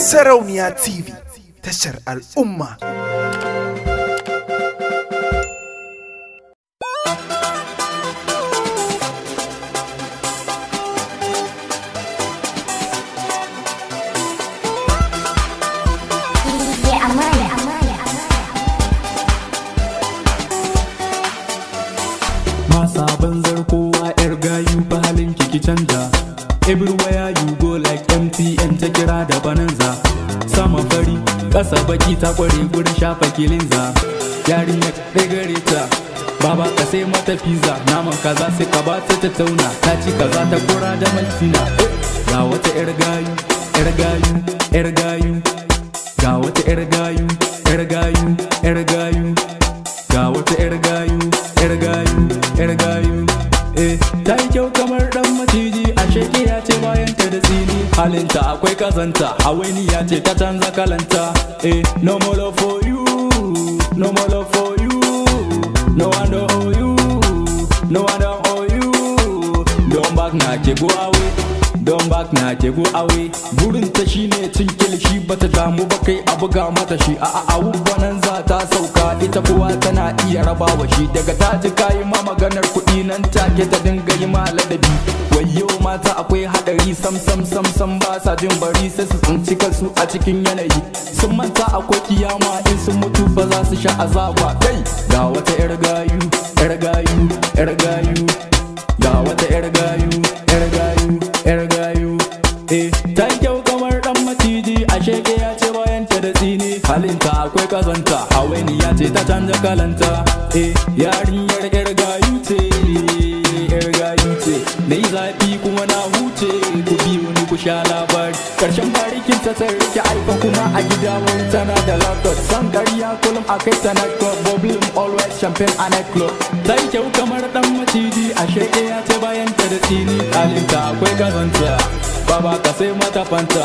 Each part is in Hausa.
Sarauniya TV tashar al'umma. Masa banzar kowa 'yar gayu ba halin ki canja. everywhere you go like mtn ta kira da bananza sama fari ƙasa baki ta kware gurin shafa kilinza yarinyar ɗagare ta baba ka sai mata pizza naman kaza sai ka ba ta tattauna ta ci kaza ta kura da maltina ga wata yar gayu yar gayu yar gayu ga wata yar gayu yar gayu yar gayu ga wata yar gayu yar gayu yar gayu eh ta yi kyau kamar halinta akwai kazanta hawainiya ce ta canza kalanta eh no more love for you no more love for you no wonder oh you no wonder oh you don back na ke go don bak na ke go awe burin ta shine cin kilishi bata damu ba kai a buga mata shi a banan za ta sauka ita kuwa tana iya rabawa shi daga ta ji kayi ma maganar kuɗi nan ta ke ta dinga yi ma ladabi wayo mata akwai hadari sam sam sam sam ba sa jin bari sai su tsinci kansu a cikin yanayi sun manta akwai kiyama in sun mutu ba za su sha azaba kai ga wata yar gayu yar gayu yar gayu Eh, ashe ke ya ce bayanta da tsini halinta akwai kazanta ya ce ta canza kalanta eh yarinyar yar gayu ce yar gayu ce na yi zafi kuma na huce ku biyu ni ku sha labari karshen barikin ta ke aika kuma a gida wani tana da laptop san karya kullum a kai ta nightclub problem always champagne a nightclub ta yi kyau kamar dan maciji a ke ya ce bayanta da tsini halinta akwai kazanta baba ka sai mata fanta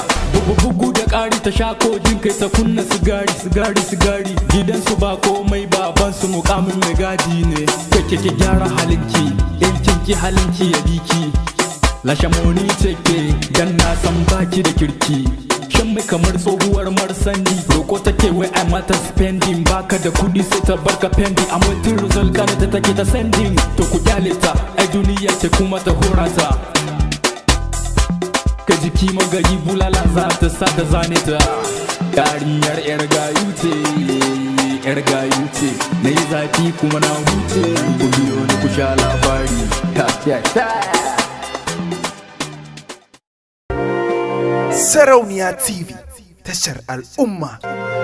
bugu da ƙari ta sha kojin kai ta kunna sigari sigari sigari gidan su ba komai baban su mukamin mai gadi ne kake ki gyara halinki yankin ki halinki ya biki lashe moni take dan na san baki da kirki shan mai kamar tsohuwar marsani roko take wai ai mata spending baka da kudi sai ta barka pending amma tun result kana ta take ta sending to ku kyale ta ai duniya ce kuma ta horata gari bulala za ta sa ta zane ta yariyar yar gayu ce yar gayu ce na yi zafi kuma na huce ku biyo ni ku sha labari sarauniya tv tashar al'umma